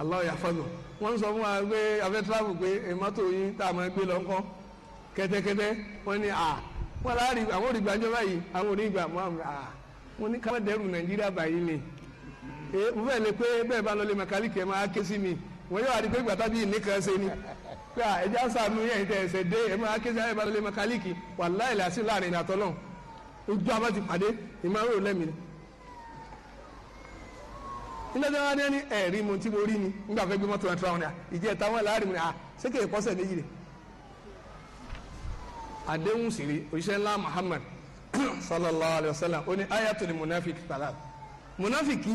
Allah yahfazu wọ́n ń sọ fún wa pé afẹ́ tíráfù pé mọ́tò yín tá a máa gbé lọ ńkọ́ kẹ́tẹ́kẹ́tẹ́ wọ́n ní à wọ́n láàrí àwọn òrìgbà jọba yìí àwọn òrìgbà mọ́ àwọn à wọ́n ní káwọn dẹ́rù Nàìjíríà báyìí ni mo fẹ́ lè pé bẹ́ẹ̀ bá lọ lè mẹkáníkì ẹ̀ máa ké sí mi wọ́n yóò wá di pé gbàtà bíi nìkan ṣe ni pé ẹja sànú yẹn tẹ̀ ẹsẹ̀ dé ẹ̀ máa ké sí ẹ̀ bá lọ lè mẹkáníkì wàláhì láàrin ìlàsí láàrin ìlàtọ́ náà ojú abá ti pàdé ìmọ̀ nígbà tí wọ́n á ní ẹ̀rí mu tí mo rí ni nígbà fẹ́ gbé mọ́tò ẹ̀ tura wọn ni ìjẹ́ ẹ̀ta wọn láàrin mi ni ṣé kì í méjì rẹ̀ àdéhùn sì rí ńlá Muhammad sallallahu alayhi wa sallam ó ní ayatul munafik salat munafiki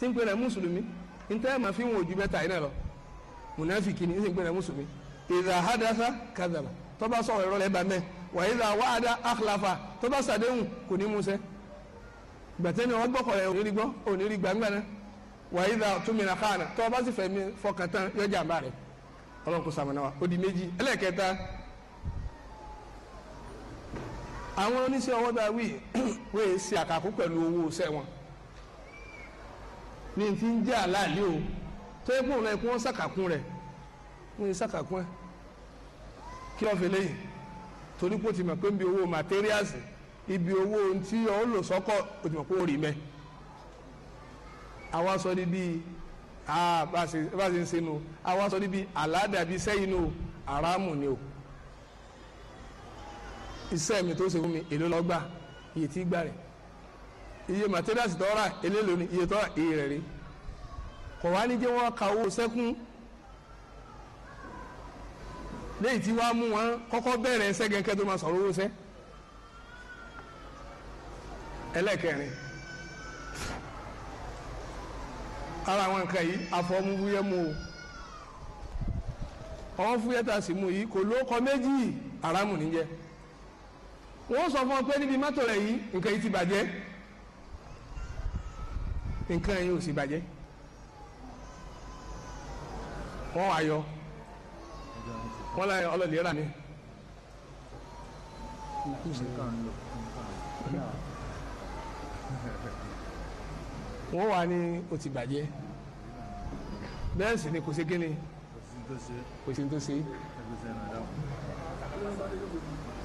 tí ń pè rẹ̀ mùsùlùmí níta ẹ̀ máa fi wọn ojú mẹ́ta iná lọ munafiki ni ń pè rẹ̀ mùsùlùmí ìdá hadasa kadaba tó bá sọ̀rọ̀ ìrọ̀lẹ́ bá mẹ́ wà ìdá wàhádà akhlafa tó bá sàdéhùn kò ní mú ṣẹ gbàtẹ́ni wọn gbọ́kọ̀ rẹ̀ òní rí náà wàyídà túmìnà kánà tó o bá sì fẹ̀mí fọkàn tán yọ jàmbá rẹ̀ ọlọ́run kò sàmùnà wa di méjì ẹlẹ́ẹ̀kẹta àwọn oníṣẹ́ ọwọ́ bá wí wọ́n ṣe àkàkú pẹ̀lú owó wọn ní ti ń jẹ́ àlàálí o tó yẹ kó wọn wọn o ti mọ̀ pé ń bi owó materials ibi owó ohun tí o lò sọ́kọ̀ o àwa sọ ní bíi bá a ṣe ń ṣe nu àwa sọ ní bíi àládàbí sẹ́yìn nu àràmù ni o iṣẹ́ mi tó ṣe fún mi èló ló gbà iye tí gbà rẹ̀ iye materials tó rà eléèlò ni iye tó rà iye rẹ̀ rí kò wá ní jẹ́ wọ́n ka owó sẹ́kún léyìí tí wàá mú wọn kọ́kọ́ bẹ̀rẹ̀ sẹ́gẹ̀kẹ́ tó máa sọ̀rọ̀ owó sẹ́ ẹlẹ́kẹrin ara àwọn nǹkan yìí àfọmúfúyẹ́ mu o àwọn fúyẹ́ tá a sì mu yìí kò lóko méjì haramu níjẹ́ wọ́n sọ fún ọ pé níbi mọ́tò rẹ̀ yìí nǹkan yìí ti bàjẹ́ nǹkan yìí ò sì bàjẹ́ wọ́n wá yọ wọ́n láyọ ọlọ́ọ̀lì rà ní wọ́n wà ní o ti bàjẹ́ bẹ́ẹ̀ sì ni kò sí kíni kò sí tó ṣe.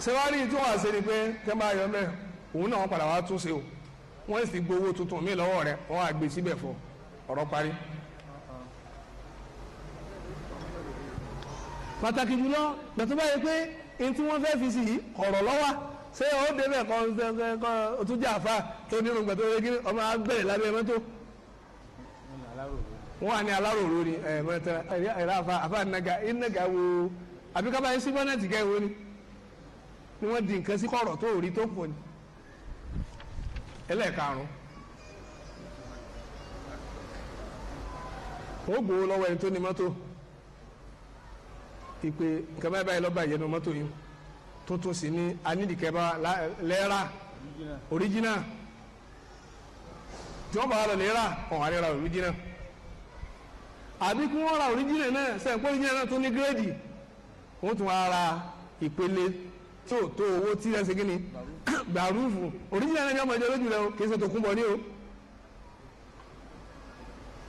sẹ́wárì tí wọ́n wá ṣe ni pé tẹ́ bá yọ mẹ́ òun náà wọ́n padà wá tún ṣe o wọ́n sì gbowó tuntun mi lọ́wọ́ rẹ̀ wọ́n á gbé síbẹ̀ fún ọ̀rọ̀ parí. pàtàkì jùlọ gbàtúbà yẹ pé ntí wọ́n fẹ́ fi sí ọ̀rọ̀ lọ́wọ́ ṣé ó débẹ̀ kọ́ kọ́ tún jẹ́ àfa tó nínú gbẹ̀tọ́ yẹgiri ọmọ agbẹ̀rẹ̀ lábẹ́ mọ́tò. wọ́n wà ní aláròró ni ẹ̀ mọ́tò ẹ̀rọ àfa àfa nàgà ìnàgà wo àbí kábàá yín sí bọ́nẹ̀tì kẹ́ ìwé ni ni wọ́n di nǹkan sí kọ̀rọ̀ tó rí tó pọ̀ ni. ẹlẹ́ẹ̀karùn ó gbowó lọ́wọ́ ẹni tó ní mọ́tò tuntun sì ni anídìkẹ́bá lẹ́ẹ̀rà oríjìnà tí wọ́n bá lọ lẹ́ẹ̀rà ọ̀hún àríra oríjìnà àbí kí wọ́n ra oríjìnà náà sẹ́yìn pé oríjìnà náà tún ní gírèdì wọ́n tún ara ìpele tó tó owó tí ẹ ṣe ni gbàrúfù oríjìnà náà ní ọmọ ìjọ lójú rẹ o kì í ṣe tòkun bọ̀ ní o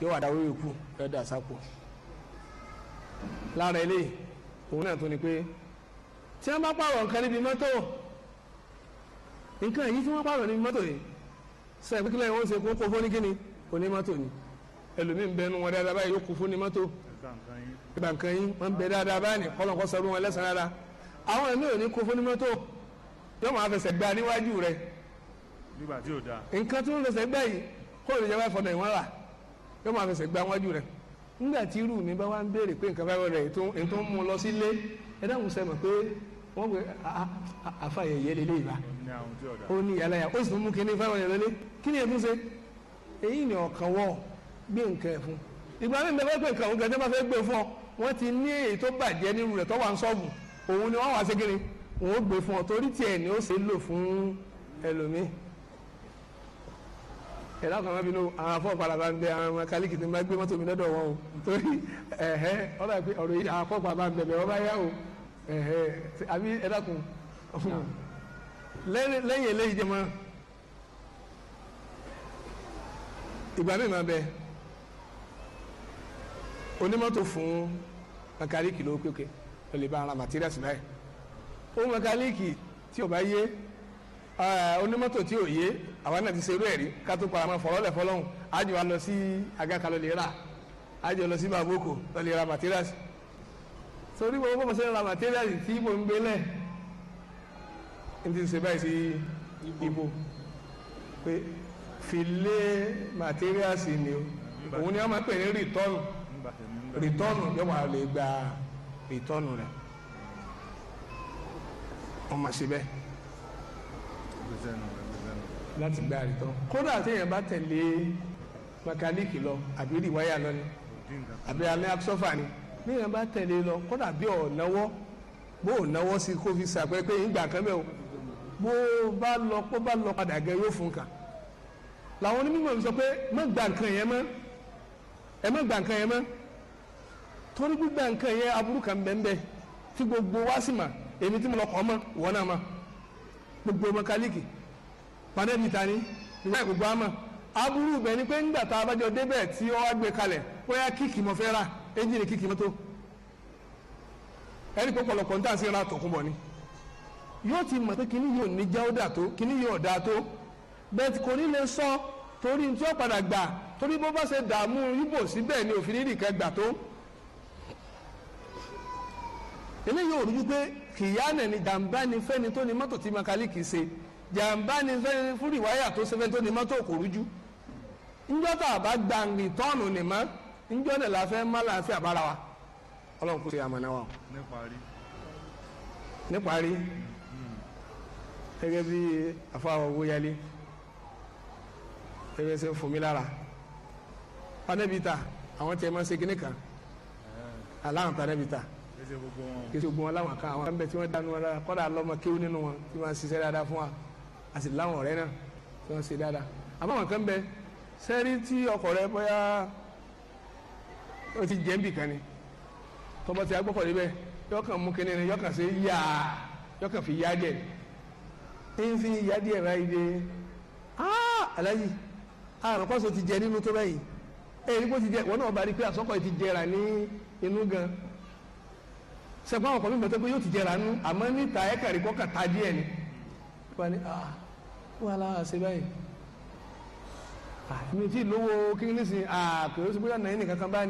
yóò wà dáwó yòókù ẹ̀ dà sápò lára eléyìí òun náà tún ni pé tí wọ́n bá pààrọ̀ nǹkan níbi mọ́tò nǹkan yìí tí wọ́n pààrọ̀ níbi mọ́tò yìí sọ ẹ̀ pípínlẹ̀ wọ́n ṣe kó kó fún ní kíni kò ní mọ́tò ni ẹlòmíì ń bẹnu wọn dáadáa báyìí yóò kó fún ní mọ́tò ìgbà nǹkan yìí wọ́n ń bẹ dáadáa báyìí kọ́lọ̀ kọ́ sọ́run wọn lẹ́sàn-án dáadáa àwọn ẹ̀mí ò ní kó fún ní mọ́tò yóò máa fẹsẹ̀ gbá níwájú rẹ̀ nǹkan tó ń fẹsẹ̀ gbá yìí kó lè jẹ́ bá fọ̀nà ìwọ̀n rà yóò máa fẹsẹ̀ gbá níwájú rẹ̀ nígbà tí irú mi bá wá ń béèrè pé nǹkan báyọ̀ rẹ̀ ètò ń mú lọ sílé ẹ dáhùn sẹ́mọ̀ pé wọ́n gbé àfa yẹ̀yẹ́ lélẹ́ ìbá ó ní aláya ó sì mú kíní fáwọn yẹn lọ́lé kíní ẹ̀ tún ṣe èyí ni gbé nǹkan fún ìgbà mi fẹ́ gbé e fún ọ wọ́n ti ní èyí tó bàjẹ́ rẹ̀ ń sọ́ọ̀bù òun ni wọ́n wá sí kíni òun ó gbé fún ọ torí fún bínú àwọn ń bẹ àwọn tí gbé mọ́tò mi lọ́dọ̀ wọn o torí ẹ̀hẹ́ àbí ẹ dákun lẹ́yìn eléyìí jẹ́ mọ́ ìgbà mi máa bẹ onímọ́tò fún mẹkáníìkì ló kéke ló lè bá ara materials náà ó mẹkáníìkì tí ò bá yé onímọ́tò tí ò yé àwa náà ti ṣe irú ẹ̀ rí ká tó para mọ́ fọlọ́lẹ̀ fọlọ́hún àjọ wa lọ sí agakalọ̀ lè rà àjọ lọ sí baboko lọ lè ra materials torí wọn bó mo ṣe ra màtíríàlì tí mo ń gbélẹ̀ n ti ṣe báyìí sí ibo pé filé màtíríàsì ni o òun ni wọn máa pè ní rìtọ́nù rìtọ́nù yóò wà lè gba rìtọ́nù rẹ̀ wọn máa ṣe bẹ́ẹ̀ láti gba àrìtọ́nù kódà téèyàn bá tẹ̀lé mẹkáníìkì lọ àbí rìwáyà lọ ni àbí alẹ́ absọ́fà ni. bí yẹn bá tẹ̀lé lọ kódà bí ọ̀ náwó bó sí kó fi sàpẹ́ pé ìgbà kan bẹ́ẹ̀ o bá lọ pọ́ bá lọ padà gẹ yóò fún kàn làwọn onímọ̀ mi sọ pé nǹkan yẹn mọ́ ẹ má nǹkan yẹn mọ́ torí gbígba nǹkan yẹn tí gbogbo wá sí ma èmi tí mo lọ kọ́ mọ́ wọ́n náà gbogbo ta ni ìwé gbogbo àmọ́ aburú bẹ́ẹ̀ ni pé ńgbà tá a bá jọ débẹ̀ tí ó wá gbé kalẹ̀ ẹ́ńjìnì kìkì mọ́tò ẹni pé pọ̀lọpọ̀ ń tà sí ra tọ̀kùn bọ̀ ni yóò ti mọ̀ pé kíní yóò ní jáódà tó kíní yóò dáa tó bẹ́ẹ̀ kò ní lè sọ torí tí ó padà gbà torí bó bá ṣe dààmú yíbò síbẹ̀ ni òfin rírì kan gbà tó eléyìí ò rújú pé kìyànà ni jàǹbá ni fẹ́ni tó ni mọ́tò tí makalíkì ṣe jàǹbá ni fẹ́ni fúrìwáyà tó ṣe fẹ́ni tó ni mọ́tò kò rújú ńjọ́tà àbá gbàǹgì tọ́ọ̀nù nìmọ́ njọ́ náà la fẹ́ má láàfin àbára wa ọlọ́run kò ṣe àmàna wa. níparí gẹ́gẹ́ bí afáwọn owó yálé gẹ́gẹ́ sẹ́ fún mi lára panẹ́bìtà àwọn tẹ́ máa ń ṣe kíní kan aláwọn panẹ́bìtà kí ṣe gbogbo wọn láwọn kan àwọn kan bẹ tí wọ́n dánú wọn lára kọ́dà lọ́mọ kéwú nínú wọn tí wọ́n ṣiṣẹ́ dáadáa fún wa a sì láwọn náà tí wọ́n ṣe dáadáa àmọ́ kan bẹ sẹ́rí tí ọkọ̀ rẹ o ti jẹ́ nbì kan ni tọ́ba ti agbọ́fọ̀ níbẹ̀ yọ kàn mú kínní yọ kàn sí yáa yọ kàn fi yá díẹ̀ ní fi yá díẹ̀ báyìí dé aláyì àrùn kọ́sọ ti jẹ nínú tó báyìí èyí kò ti jẹ wọn náà bá rí pé àsọkọ̀ ti jẹrà ní inú gan sẹ́kọ̀ àwọn kan mi gbọ́dọ̀ pé yóò ti jẹrà nú àmọ́ níta ẹ̀ka rí kọ́ kàtá díẹ̀ ni wọ́n ní wọ́n aláwọ̀ ṣe báyìí mi ti lówó kí ní sìn àkèrè ó bóyá nàá nìkan kan bá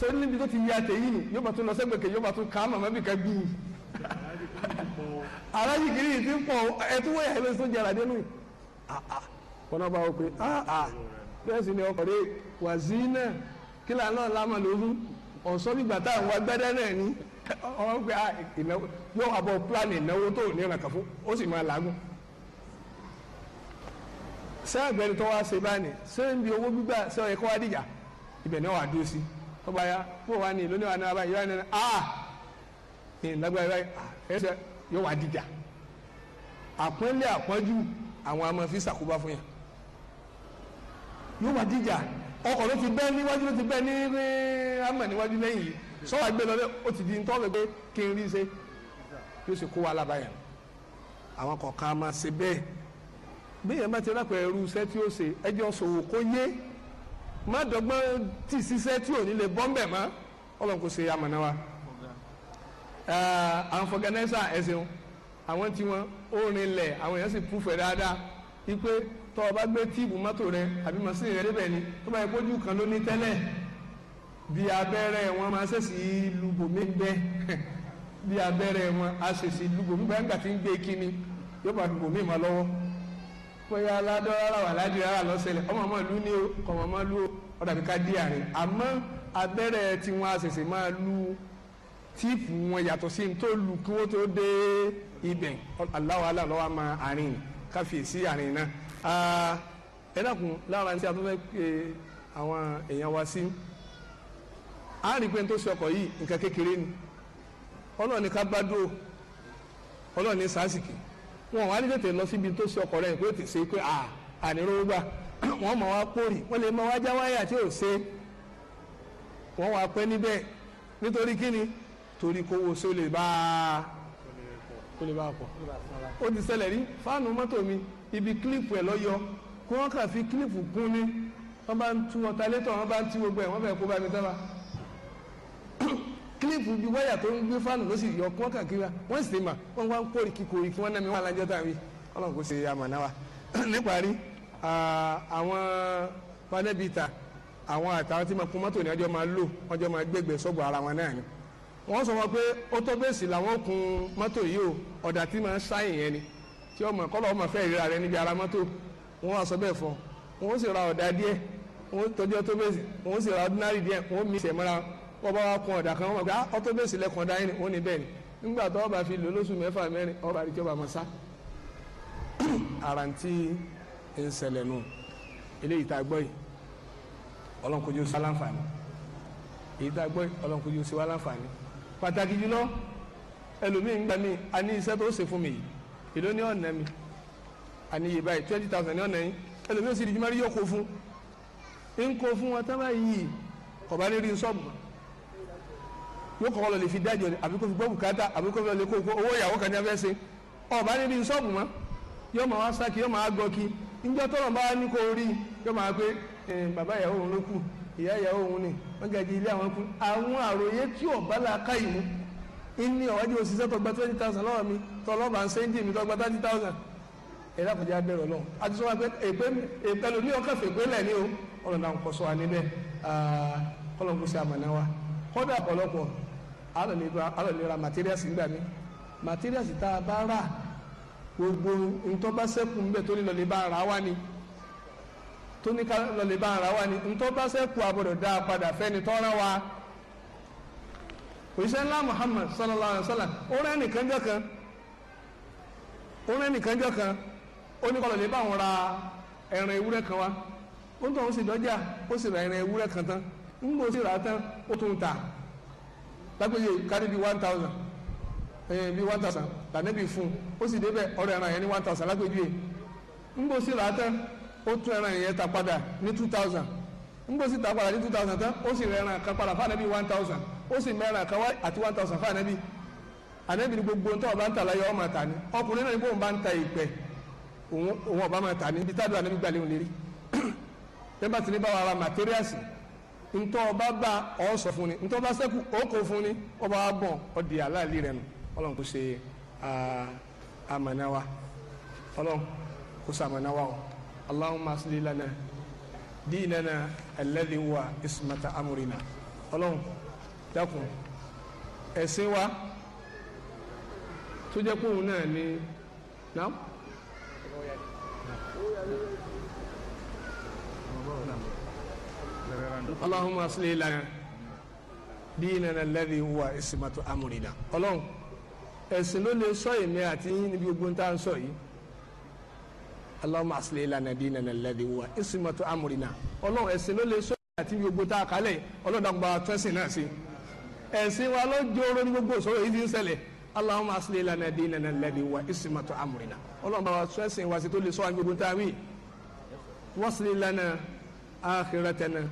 so níbi tó ti yí àtẹ̀yìn nù yóò bá tún lọ sẹ́gbẹ̀kẹ̀ yóò bá tún kà á màmá bìkan gbì í aláàjì kiri yìí ti ń pọ̀ ẹtú wọ́yà ẹ lọ sí oúnjẹ àràdé kọ́nà ah, ah. bá wọ pé ah, bẹ́ẹ̀ ni ọkọ̀ rẹ wàzínà kílà náà lámà lóhùn ọ̀sọ́ bí gbàtà àwọn agbẹ́dẹ́ náà ní ọ̀rọ̀ pé ìnáwó yóò wà bọ̀ plan ìnáwó tó ní ìrànkà fún ó sì máa làágùn. sẹ́ẹ̀gbẹ́ni tó wá ṣe báyìí sẹ́ẹ̀ ń owó gbígbà sẹ́ẹ̀ ẹ̀kọ́ wá ibẹ̀ náà wà dúró sí i ó bá yá bó wà ní lónìí wà ní abáyé yóò wà ní ah ní lágbára ah! yóò wà ẹsẹ yóò wà dìjà àpọ́nlé àpọ́njú àwọn àmọ́ fi sàkóbá fún yàn yóò wà dìjà ọkọ̀ ló ti bẹ́ níwájú ló ti bẹ́ ní amọ̀ níwájú lẹ́yìn sọ́wọ́ gbé lọ́lẹ́ ó ti di ń tọ́wọ́ pé kí n rí ṣe yóò ṣe kó wa lábàáyà àwọn kọ̀ọ̀kan máa ṣe bẹ́ẹ̀ bí èèyàn bá ti rápẹ̀ ẹrú iṣẹ́ tí ó ṣe ẹjọ́ sòwò kó yé má dọ́gbọ́n tí ṣiṣẹ́ tí ò ní lè bọ́ ń bẹ̀ mọ́ ọlọ́run kò ṣe amọ̀nà wa àwọn fọgànẹ́sà ẹ̀sìn àwọn tí wọ́n ó rinlẹ̀ àwọn èèyàn sì púfẹ̀ dáadáa wípé tọ́ ọ bá gbé tíìbù mọ́tò rẹ àbí màsíìnì rẹ débẹ̀ ni tó bá yẹ kójú kan ló ní tẹ́lẹ̀ bí abẹ́rẹ́ wọn máa ṣèṣì lùgbò méńgbẹ́ bí abẹ́rẹ́ wọn a ṣèṣì lùgbò méńgbẹ́ nígbà tí ń gbé kíni yóò bá lùgbò míì bóyá aládọ́ rárá wà ládìí rárá lọ́sẹ̀lẹ̀ ọmọ ọmọ ìlú ní ọmọ ọmọ ìlú ọ̀dà bí ká dí àárín àmọ́ abẹ́rẹ́ tí wọ́n àṣẹ̀ṣẹ̀ máa lu tíìpù wọn yàtọ̀ sí tó lu kí wọ́n tó dé ibẹ̀ Allahu Allah ló máa àárín káfíìsì àárín náà ẹ lára ní tí a tó fẹ́ pe àwọn èèyàn wa sí a rí pé n tó ṣe ọkọ̀ yìí nǹkan kékeré ni ọlọ́ọ̀ni ká gbádùn ọlọ́ọ̀ni sásìkì wọn wá ní tètè lọ síbi tó ṣe ọkọ rẹ̀ pé tètè ṣe pé àníròó gbà wọ́n mọ̀ wá pòrì wọ́n lè mọ wá já wáyà tí ò ṣe wọ́n wá pẹ́ níbẹ̀ nítorí kíni torí kówó sí ó lè bá a ó lè bá a ó ti ṣẹlẹ̀ rí fáànù mọ́tò mi ibi kílípù ẹ̀ lọ́yọ kí wọ́n kàn fi kílípù gún ni wọ́n bá ń tú ọ̀tá létọ̀ wọ́n bá ń tí gbogbo ẹ̀ wọ́n fẹ́ kó bá mi dábàá klip bíi wáyà tó ń gbé fáànù ló sì yọ kí wọ́n kàn kí wọ́n sì mà wọ́n wá ń kórè kíkó yìí kí wọ́n náà mi wà lájọ́ tàbí ọlọ́run kò ṣe wa níparí àwọn panẹ́bìtà àwọn àtàwọn tí máa kún mọ́tò ní ọjọ́ máa lò ọjọ́ máa sọ́gbọ̀ ara wọn náà ni wọ́n sọ wọn pé ó bẹ́ẹ̀sì làwọn kun mọ́tò yìí o ọ̀dà tí máa ń yẹn ni tí ọmọ kọ́lọ́ ọmọ fẹ́ rẹ ara mọ́tò wọ́n wá sọ bẹ́ẹ̀ ra ọ̀dà díẹ̀ wọ́n tọ́jú bẹ́ẹ̀sì wọ́n bá wa kun ọ̀dà kan wọ́n gbà ọ́tọ́ bẹ́ẹ̀ sì lẹ́kùn ọ̀dà yín wọ́n ní bẹ́ẹ̀ ni nígbà tó ọba fi lò lóṣù mẹ́fà mẹ́rin ọba àdìjọ́ bá máa sá àràǹtí ń ṣẹlẹ̀ nù eléyìí tá a gbọ́ yìí ọlọ́nkójú sí wa láǹfààní èyí tá a gbọ́ yìí ọlọ́nkójú sí wa láǹfààní pàtàkì jùlọ ẹlòmíín gbà mí a ní iṣẹ́ tó ṣe fún mi yìí èló ní ọ̀nà mi a ní iye báyìí twenty thousand ní ọ̀nà yín ẹlòmíín sì di jùmọ̀ rí yóò kó fún ń kó fún wọn tábà yìí kọ̀bá ní rí sọ́ọ̀bù yóò kọ́kọ́ lọ lè fi dájọ́ àbí kó fi gbọ́ bùkátà àbí kó fi lọ lè kó owó ìyàwó kan ní afẹ́sẹ̀ ọba níbi sọ́ọ̀bù mọ́ yóò máa wá sákì yóò máa gọkì ńjọ́ tọ́lọ̀ bá ní kó rí yóò máa pé bàbá ìyàwó òun ló kù ìyá ìyàwó òun ni wọ́n gàdí ilé àwọn kù àwọn àròyé tí ọ̀bá la ká ìmú ní ọ̀wájú òṣìṣẹ́ tó gba twenty thousand lọ́wọ́ mi tọ́lọ́ba ń sẹ́ńdì mi tó gba thirty thousand ẹ̀dá kò jẹ́ abẹ́rẹ́ ọlọ́run a ti sọ wá pé èpè èpè o ọ̀nà náà kò sọ wa níbẹ̀ kọ́lọ́n kò sí àmàlà wa kọ́dà ọ̀pọ̀lọpọ̀ alọ̀lera materials nígbà mi materials tá a bá rà gbogbo ntọ́ bá sẹ́kù ńbẹ tó ní lọ́lẹ̀ bá ara wa ni tó ní ká lọ́lẹ̀ bá ara wa ni ntọ́ bá sẹ́kù àbọ̀dọ̀ dá a padà fẹ́ni tọ́ra wa òṣìṣẹ́ ńlá Muhammad sallallahu alayhi wa sallam ó rẹ́ nìkan jẹ́ kan ó rẹ́ nìkan jẹ́ kan ó ní kọ́ lọ́lẹ̀ bá òun ra ẹran ewúrẹ́ kan wa ó ń tọ́ òun sì dọ́jà ó sì ra ẹran ewúrẹ́ kan tán ń gbọ́ sí ra tán ó tún ta lágbèjì kárí bíi one thousand ẹ̀yìn eh, bíi one thousand lànàbì fún ó sì débẹ̀ ọ̀rọ̀ ẹran yẹn ní one thousand lágbèjì yẹn ńgbòsí rà á tán ó tún ẹran yẹn ta padà ní two thousand ńgbòsí ta padà ní two thousand tán ó sì rẹ ẹran kan padà fún ànàbì one thousand ó sì mẹ́ran kan wá àti one thousand fún ànàbì ànàbì ni gbogbo ntọ́ ọba ń tà láyé ọmọ àtàní ọkùnrin náà ni bóun bá ń ta ìpẹ́ òun ọba máa tà ní ibi tábìlì a gbàlẹ́ òun lérí tẹ́ńbà tí ní bá wa ra materials Ntọ ọba bá ọsọ fún ni ọba sẹ́kù ọkọ fún ni ọba wa gbọ̀n ọdì rẹ nù ọlọ́run kò ṣe amànáwa ọlọ́run kò ṣe amànáwa o allahumma ismata amurina ọlọ́run dákun ẹ̀sìn wa tó jẹ́ pé náà Allahumma asli lana dinana alladhi huwa ismatu amrina ọlọ́run ẹ̀sìn ló lè sọ èmi àti yín níbi gbogbo tá à ń sọ yìí Allahumma asli lana dinana alladhi huwa ismatu amrina ọlọ́run ẹ̀sìn ló lè sọ èmi àti yín gbogbo tá a kálẹ̀ ọlọ́run dàgbà tẹ́sìn náà sí ẹ̀sìn wa ló jóró ní gbogbo ìṣòro yìí ti ń ṣẹlẹ̀ Allahumma asli lana dinana alladhi huwa ismatu amrina ọlọ́run bá wa wa sí tó lè sọ àwọn gbogbo tá a wí wasli lana akhiratana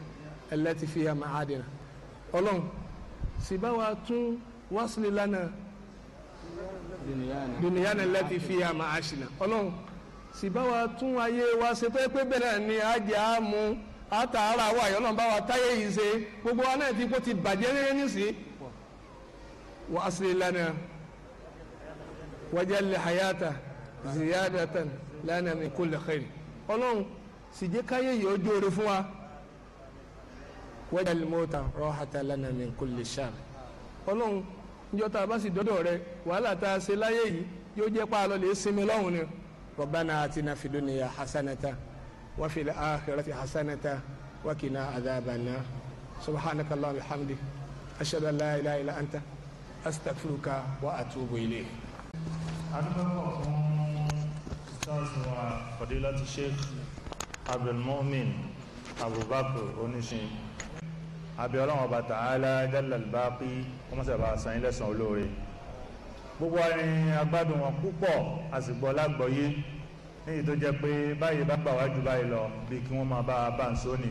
allati fiha ma'adina ọlọ́run sì bá wa tún wasli lana dùnìyàn allati fiha ma'ashina ọlọ́run sì bá wa tún ayé wa ṣe tó yẹ pé bẹ́ẹ̀ ni àjẹ́ àmú àtàrà wa àyọ̀nà bá wa táyé yìí ṣe gbogbo wa náà ti kó ti bàjẹ́ rere nísìí wasli lana wajali hayata ziyadatan lana min kulli khair ọlọ́run sì jẹ́ káyé yìí ó jóore fún wa wajal mauta rahatan lana min kulli shar ọlọ́run níjọ́ tá a bá sì dọ́dọ̀ rẹ wàhálà tá a ṣe láyé yìí yóò jẹ́ pa àlọ́ lè sinmi lọ́hùn ni rabbana atina fid dunya hasanata wa fil akhirati hasanata wa qina adhaban subhanaka allahumma wa bihamdik ashhadu an la ilaha illa anta astaghfiruka wa atubu ilayk. adúgbò fún sars wa fadilati sheikh abdulmumin abubakar oníṣin àbí ọlọ́run ọba tààlà jalla al-baqi wọ́n mọ̀sẹ̀ bá san ilé san olóore gbogbo ẹni agbádùn wọn púpọ̀ àsìgbọ́ lágbọ̀ọ́yé níyì tó jẹ́ pé báyìí bá gbà wájú báyìí lọ bí kí wọ́n máa bá a bá ń sóni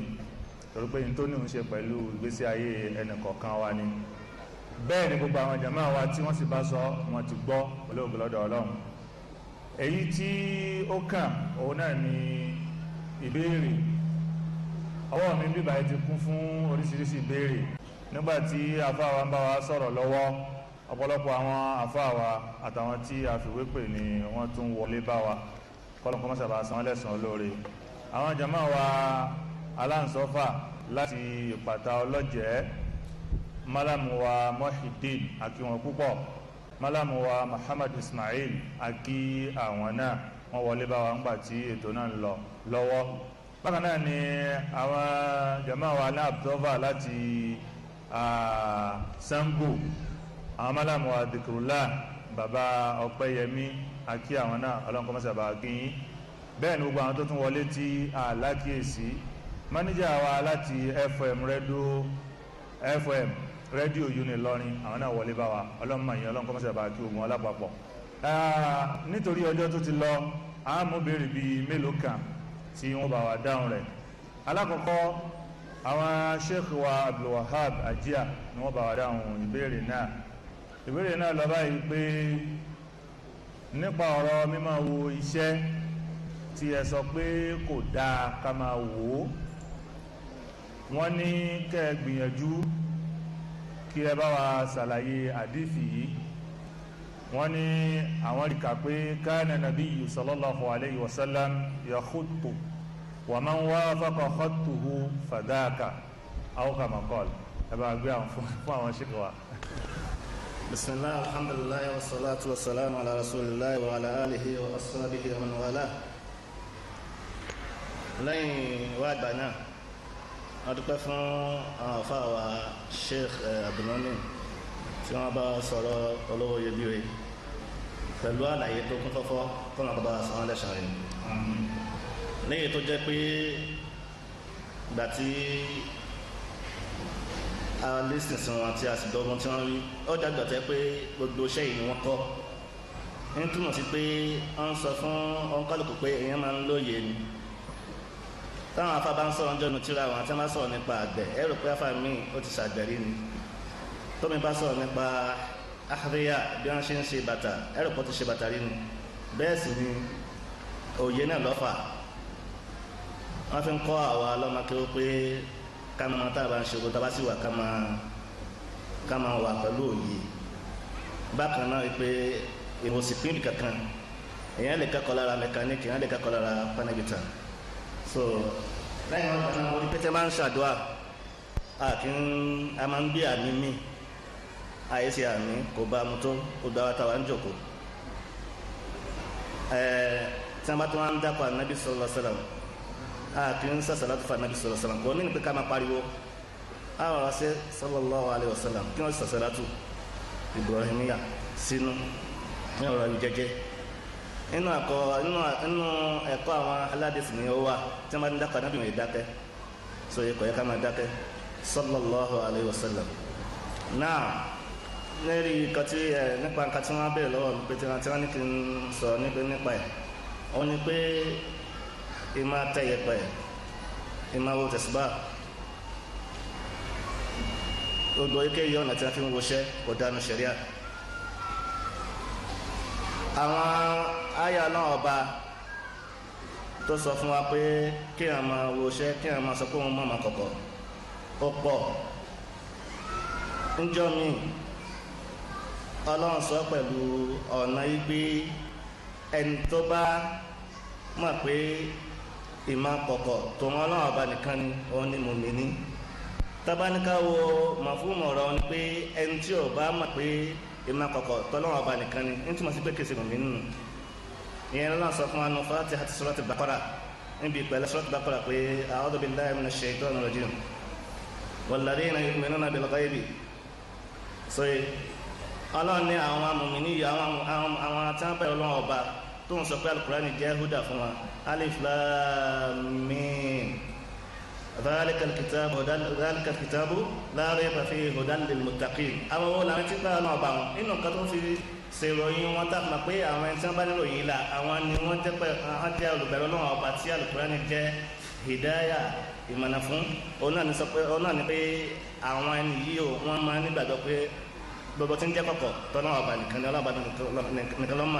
torí pé nítorí òun ṣe pẹ̀lú ìgbésí ayé ẹnìkọ̀ọ̀kan wa ni bẹ́ẹ̀ ni gbogbo àwọn jàmáà wa tí wọ́n sì bá sọ wọn ti gbọ́ olóògbé lọ́dọ̀ ọlọ́run ọwọ́ mi bíbá yìí ti kún fún oríṣiríṣi ìbéèrè nígbà tí àfáàwa ń bá wa sọ̀rọ̀ lọ́wọ́ ọ̀pọ̀lọpọ̀ àwọn àfáàwa àtàwọn tí a fìwé pè ní wọ́n tún wọlé bá wa kọ́lọ̀ kọ́ mọ́sàbà san lẹ́sàn olóore àwọn jama wa aláǹsọ́fà láti ìpàtà ọlọ́jẹ́ malamu wa mohidin àkí wọn púpọ̀ malamu wa muhammad ismail àkí àwọn náà wọ́n wọlé bá wa ńgbà tí ètò náà ń lọ lọ́wọ́ bákan náà ni àwọn jama wa aláàbùtọ́fà láti Sango àwọn málàmù àdìkùrúlà bàbá ọ̀pẹ́yẹmí àkí àwọn náà ọlọ́nkọ́mọ́sà bàbá gíyín bẹ́ẹ̀ ni gbogbo àwọn tó tún wọlé tí àlákìyèsí máníjà wa láti FM rẹ́díò FM rẹ́díò yìí ní lọ́rin àwọn náà wọlé bá wa ọlọ́mọ yìí ọlọ́nkọ́mọ́sà bàbá kí ogun alápapọ̀ nítorí ọjọ́ tó ti lọ àmúbèrè bíi mélòó kan tí wọ́n bá wa dáhùn rẹ̀ alákọ̀ọ́kọ́ àwọn sheikh wa abdulwahab ajia ni wọ́n bá wa dáhùn ìbéèrè náà ìbéèrè náà lọ báyìí pé nípa ọ̀rọ̀ mímọ́ wo iṣẹ́ tí ẹ sọ pé kò dáa ká máa wò ó wọ́n ní kẹ́ ẹ gbìyànjú kí ẹ bá wa ṣàlàyé àdìsí yìí wọ́n ní àwọn rí kà pé kana nabiyyu sallallahu alayhi wa sallam yakhutu wa man wafaqa khattuhu fadaka aw kama qala ẹ bá gbé àwọn fún àwọn ṣèkọ wa. bisimilahi alhamdulilayi wa salatu wa salamu ala rasulilayi wa ala alihi wa ashabihi wa man lẹ́yìn wá àgbà náà wọ́n dúpẹ́ fún àwọn afáwà sheikh eh, abdulmanin tí wọ́n bá sọ̀rọ̀ olówó iyebíye pẹ̀lú àlàyé tó kún fọ́fọ́ kó náà bá san án lẹ́sàn rẹ̀ lẹ́yìn tó jẹ́ pé ìgbà tí a lẹ́sìn sí wọn tí a sì dọ́gbọ́n tí wọ́n rí ó dàgbà tẹ́ pé gbogbo iṣẹ́ yìí ni wọ́n kọ́ ń túmọ̀ sí pé wọ́n sọ fún ọ̀nkálùkù pé èèyàn máa ń lóye ni táwọn afá bá ń sọ̀rọ̀ ọjọ́ nùtúrà wọn àti máa sọ̀rọ̀ nípa àgbẹ̀ ẹ rò pé afá mi ó ti ṣàgbẹ̀rí ni tómi bá sọ̀rọ̀ nípa àríyá bí wọ́n ṣe ń ṣe bàtà ẹ̀rọ pọ̀ ti ṣe bàtà rí ni bẹ́ẹ̀ sì ni òye náà lọ́fà wọ́n fi ń kọ́ àwa lọ́mọ kí ó pé ká máa tá a bá ń ṣe ogun tá a bá sì wà ká máa wà pẹ̀lú òye bákan náà pé èèwọ̀ sì pín kankan èèyàn lè kẹ́kọ̀ọ́ lára mẹkáníìkì èèyàn lè kẹ́kọ̀ọ́ lára pánẹ́gìtà so lẹ́yìn wọn kàn án mo rí pété máa ń ṣàdúrà a kì máa ń gbé àmì míì ayé ṣe àní kò bá mu tó ó dá wa ta wa ń jòkó ẹ̀ẹ́ tí wọ́n bá tó wá ń dákọ̀ ànábì sallallahu alaihi wasallam àti ń sàṣàlá tó fa ànábì sallallahu alaihi wasallam kò ní ní pé ká máa pariwo àwọn ọ̀rọ̀ ṣe sallallahu alaihi wasallam kí wọ́n sàṣàlá tó Ibrahimiya sínú ní ọ̀rọ̀ ìjẹjẹ inú ẹ̀kọ́ inú inú ẹ̀kọ́ àwọn aládìsí ni ó wà tí wọ́n bá ń dákọ̀ ànábì wọn dákẹ́ so ikọ̀ yẹ ká máa dákẹ́ sallallahu alaihi wasallam náà lérí nǹkan tí ẹ nípa nǹkan tí wọ́n bèèrè lọ́wọ́ pé tí wọ́n ti wọ́n ní kí n sọ̀rọ̀ nípa nípa ẹ̀ ó ní pé ìmọ̀ àtẹ̀yẹpẹ̀ ìmọ̀ wo tẹ̀síbà odò ike yìí ọ̀nà tí wọ́n fi ń woṣẹ́ kò dánú ṣẹ̀ríà àwọn àyà náà ọba tó sọ fún wa pé kí àwọn máa woṣẹ́ kí àwọn máa sọ pé òun mọ̀ mọ́ ó pọ̀ ńjọ́ míì ọlọ́run sọ pẹ̀lú ọ̀nà yìí pé ẹni tó bá mọ̀ pé ìmọ̀ kọ̀kọ̀ tó wọn ọlọ́run ọba nìkan ni òun ni mùmíní tabaníká wo màfúmọ̀ ọ̀rọ̀ ni pé ẹni tí ò bá mọ̀ pé ìmọ̀ kọ̀kọ̀ tó ọlọ́run ọba nìkan ni ní túmọ̀ sí pé kìsì mùmíní nù ìyẹn lọ́nà sọ fún anu Fatiha àti Surati Baqara níbi ìpẹ̀lẹ́ Surati Baqara pé a'udhu billahi minash ọlọ́run ní àwọn amòmìnì yìí àwọn àwọn àtàbẹ̀ ọlọ́run ọba tó ń sọ pé alukurani jẹ́ húdà fún wa alif lam mim dhalika alkitabu dhalika alkitabu la rayba fihi hudan lilmuttaqin àwọn wo làwọn ti gbà ọlọ́run ọba wọn nínú nǹkan tó fi ṣe ìròyìn wọn tá a mọ̀ pé àwọn ẹni tí wọ́n bá nílò yìí la àwọn ni wọ́n jẹ́ pé wọ́n jẹ́ olùbẹ̀rẹ̀ ọlọ́run ọba tí alukurani jẹ́ hidaya ìmọ̀nà fún òun náà ní pé àwọn ẹni yìí ò wọ́n máa nígbàgbọ́ pé gbogbo tí ń jẹ́ kọ̀kọ̀ tọ́lá ọba nìkan ni ọlọ́ba nìkan lọ́mọ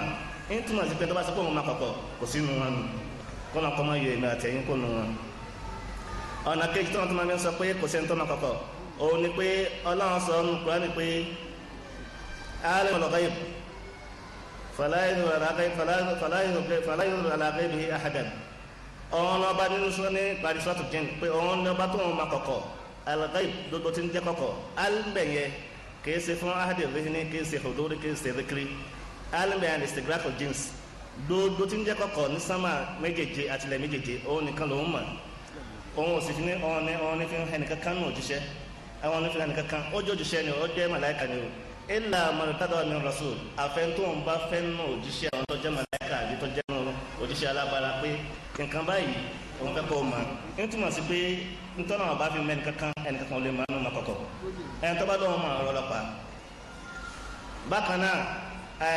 ní túmọ̀ sí pé tó bá sọ pé òun máa kọ̀kọ̀ kò sínú wọn nù kó lọ́n kọ́ mọ́ yọ èmi àtẹ̀yìn kò nù wọn. ọ̀nà kejì tó wọn tó máa ń sọ pé kò sẹ́ni tó máa kọ̀kọ̀ òun ni pé ọlọ́run sọ ọ́nù kúránì pé عالم الغيب فلا يظهر على غيب فلا فلا يظهر فلا يظهر على غيبه احدا òun ọba nínú sọ ní parisọ́tù jẹ́n pé òun ní ọba kìí ṣe fún ahadi rihini kìí ṣe hudori kìí ṣe rikiri alimẹ and istigrakul jins gbogbo tí ń jẹ́ kọ́kọ́ ní sánmà méjèèje àtìlẹ̀ méjèèje òun nìkan lòún mọ̀ òun ò sì fi ní ọ̀hún ní ọ̀hún ní fi hàn nìkan kan nù òjíṣẹ́ àwọn ní fi hàn nìkan kan ó jẹ́ òjíṣẹ́ ni ó jẹ́ màláìka ni o ilà mọ̀lùtàdà mi rasul àfẹ́ntóhùn bá fẹ́ nù òjíṣẹ́ àwọn tó jẹ́ màláìka àbí tó jẹ́ nù òjíṣẹ́ alábàárà pé nǹkan báyìí òun fẹ́ kọ́ ọ ntọ́nà ọba fi mẹ́ni kankan ẹni kankan lè máa nù máa kọ̀kọ̀ ẹni tó bá dọ̀wọ́ máa rọ́ lọ́pàá bákan náà ẹ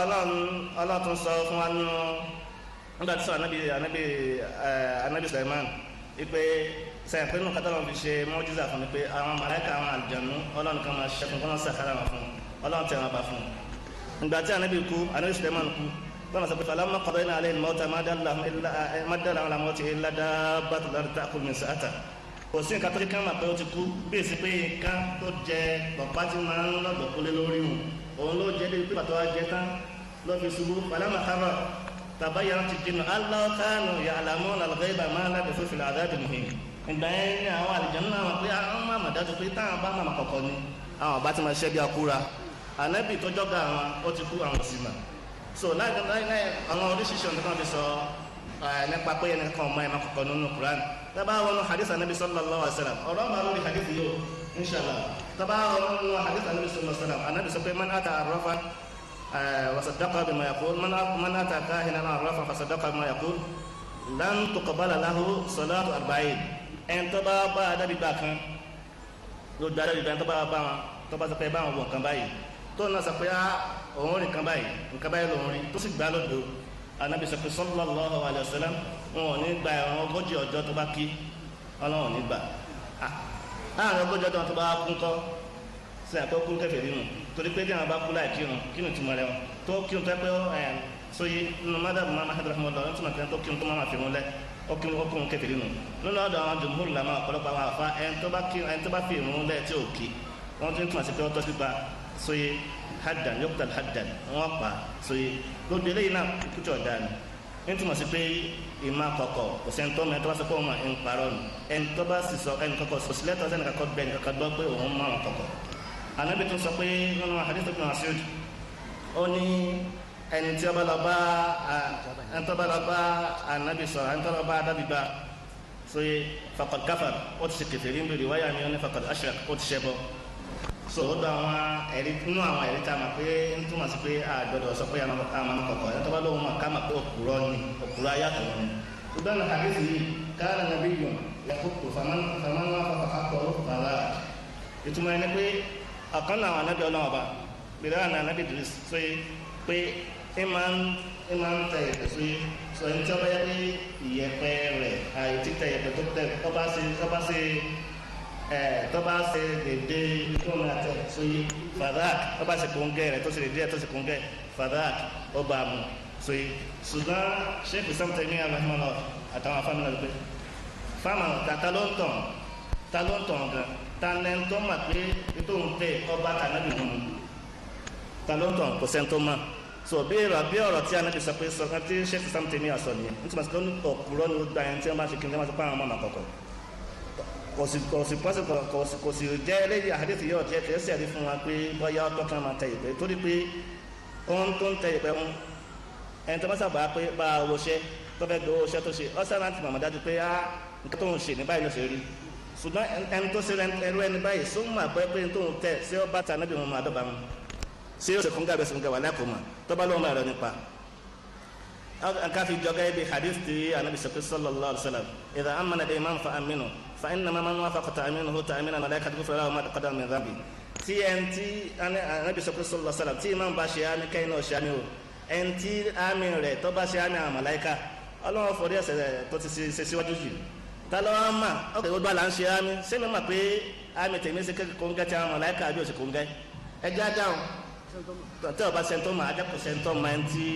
ọlọ́run ọlọ́run tún sọ fún wa nínú nígbà tí sọ anabi anabi ẹ anabi Sulaiman ipe sẹ́yìn pé nínú kátàlọ́ fi ṣe mọ́jísà fún mi pé àwọn màláíkà àwọn àlùjànnú ọlọ́run kan máa ṣẹ́kùn kọ́nà sàkárà wọn fún ọlọ́run tẹ̀ wọn bá fún un ìgbà tí anabi kú anabi Sulaiman kú lọ́nà sọ́kùtà lọ́mọ kọ́dọ̀ iná alẹ́ ìmọ̀ọ́ta mádàlá àwọn àmọ́tí ilá dábàá tó lọ́dọ̀ táàkùn mi sàátà kò sí nǹkan tó kí kánmà pé ó ti kú bí èsì pé nǹkan tó jẹ pọ̀pá tí máa ń lọ́dọ̀ kólé lórí mu òun ló jẹ débi pé pàtó wa tán ló fi ṣubú pàlámà kábà tàbá yàrá ti dinu aláwọ̀tánu yàlámú làlùkẹ́ ibà máa lábẹ́ fífi làdáàbì muhìn ìgbà yẹn ni àwọn àlìjẹ́nu náà so láìláì àwọn oríṣiríṣi ọ̀nà kan fi sọ nípa pé ẹnì kan ọmọ ẹ̀ máa kọ̀kọ́ nínú Quran tábà wọnú hadith anabi sallallahu alayhi wa sallam ọ̀rọ̀ máa lórí hadith yìí o inshallah tábà wọnú hadith anabi sallallahu alayhi wa sallam anabi sọ pé man ata arrafa wasadaka bima yaqul man ata kahina arrafa fasadaka bima yaqul lan tuqbala lahu salatu arba'in ẹn tó bá bá adábìgbà kan ló gba adábìgbà ẹn tó bá bá wọn tó bá sọ pé báwọn wọ̀ kan báyìí tó náà sọ pé ah, òun rìn kan báyìí nǹkan báyìí lòun rìn tó sì gbá lọ́dọ̀ anabi sọ pé sallallahu alayhi wa sallam wọn ò ní gba ẹ̀wọ̀n ogójì ọjọ́ tó bá kí ọlọ́run ò ní gbà láàrin ogójì ọjọ́ tó bá kú kọ́ sí àpò kú kẹfẹ́ nínú torí pé díẹ̀ wọn bá kú láì kírun kírun ti mọ rẹ wọn tó kírun tó pé ẹ̀ sóye nínú mádàbù máa máa dàbí mọ́tò ọ̀rọ̀ tí tó kírun tó máa fi mú lẹ ọkùnrin ọkùnrin kẹfẹ́ nínú lọ́nà ọ̀dọ̀ àwọn jùmùúrù làwọn ọ̀pọ̀lọpọ̀ àwọn àfa ẹni tó bá fi ìrún lẹ̀ tí ò kí wọ́n tún túmọ̀ sí pé ó soye haddan, yọkutal haddan, wọn pa soye gbogbo eléyìí náà kúkútù ọ̀dà ni nítumọ̀ sí pé ìmọ̀ kọ̀kọ̀ kò sẹ́ni tó mẹ́tọ́ bá sọ pé òun máa ń parọ́ ni ẹni tó bá sì sọ ẹni kọ̀kọ̀ sọ sílẹ̀ tó sẹ́ni kakọ́ bẹ́ẹ̀ ni kakọ́ gbọ́ pé òun máa ń kọ̀kọ̀ anabi tó sọ pé nínú hadith ibn Mas'ud ó ní ẹni tí ọba lọ bá ẹni tó bá lọ bá anabi sọ ẹni tó lọ bá adábìgbà so yẹ faqad kafar ó ti ṣe kèfèrí ń bèrè wáyà mi ó ní faqad ashrak ó so ó dọ àwọn ẹ̀rí nínú àwọn ẹ̀rí tá a mọ̀ pé ń túmọ̀ sí pé àgbọ̀dọ̀ sọ pé àmọ́ kọ̀kọ̀ ẹ̀ tọ́ba lóhùn mọ̀ ká mọ̀ pé òkúrọ̀ ni òkúrọ̀ ayàtọ̀ ni ṣùgbọ́n ní àdéhùn yìí káàlà nàbí yọ̀ ẹ̀kọ́tò famáwá fàkàkọ̀ ọ̀là ìtumọ̀ ẹni pé ọ̀kan náà ànábì ọlọ́wọ́ bá gbèrè àná ànábì dùrìs pé pé ẹ máa ń tẹ ẹ̀pẹ̀ pé sọ ẹni tí ọba yẹ pé ìyẹ̀pẹ̀ rẹ̀ àyè títẹ̀ ẹ̀pẹ̀ tó tẹ̀ ọba ṣe ẹ tó bá ṣe dédé tóun àtẹ sóyè fadak tó bá ṣe kóńgẹ rẹ tó ṣe dédé tó ṣe kóńgẹ fadak ó bá a mú sóyè ṣùgbọ́n sheikh isam tẹ̀mí alhamdulilayi àtàwọn afáàmì náà gbé fáàmù tata ló ń tàn ta ló ń tàn gan talẹ́ntọ́ mà pé tóun tẹ ọba tànàbì mú talẹ́ntọ́ kò sẹ́ńtọ́ mà so bí ọ̀rọ̀ bí ọ̀rọ̀ tí anabi sọ pé sọ kan tí sheikh isam tẹ̀mí àsọ nìyẹn nítorí wọn sọ gba ẹni tí wọ́n bá ṣe kí wọ́n bá ṣe pé àwọn ọmọ màkọ́kọ́ kòsì kòsì pọ́sì kòsì kòsì jẹ́ eléyìí àdéhùn yóò jẹ́ kìí sẹ́ẹ̀rí fún wa pé bọ́yá ọtọ́ kan máa tẹ ìpè torí pé ohun tó ń tẹ ìpè ń ẹni tó bá sábà pé bá a wọṣẹ́ tó fẹ́ gbowó iṣẹ́ tó ṣe ọ̀sán láti mọ̀mọ́ dájú pé á ah, nǹkan tó ń ṣe ní báyìí ló ṣe rí ṣùgbọ́n ẹni tó ṣe ẹrú ẹni báyìí sóńmà pé pé tó ń tẹ ṣé ó bá ta níbi wọn máa dọ́ba ṣé ó ṣe fún gàbẹ́sì fún gàwá lákòómà tó bá lóun bá rẹ nípa káfí jọgá ibi hadith ti anabi sallallahu alaihi wasallam idha amana al-imam فإنما من وافق تأمينه تأمينا ملائكة غفر له ما تقدم من ذنبه tí ẹn tí anabi sọ pé sọlọ sọlọ tí imam bá ṣe àmì kẹ́yìn náà ṣe àmì o ẹn tí àmì rẹ̀ tó bá ṣe àmì àwọn màláíkà ọlọ́wọ́ forí ẹ̀ṣẹ̀ rẹ̀ tó ti ṣe síwájú jù ta lọ́wọ́ mà ọkọ̀ ìwọ́dọ̀ là ń ṣe àmì sẹ́mi mà pé àmì tèmi ṣe kékeré kóńgẹ́ tí àwọn màláíkà àbí òṣèkóńgẹ́ ẹjẹ́ adáhùn tẹ ọba sẹńtọ ma ajakọ sẹńtọ ma ntí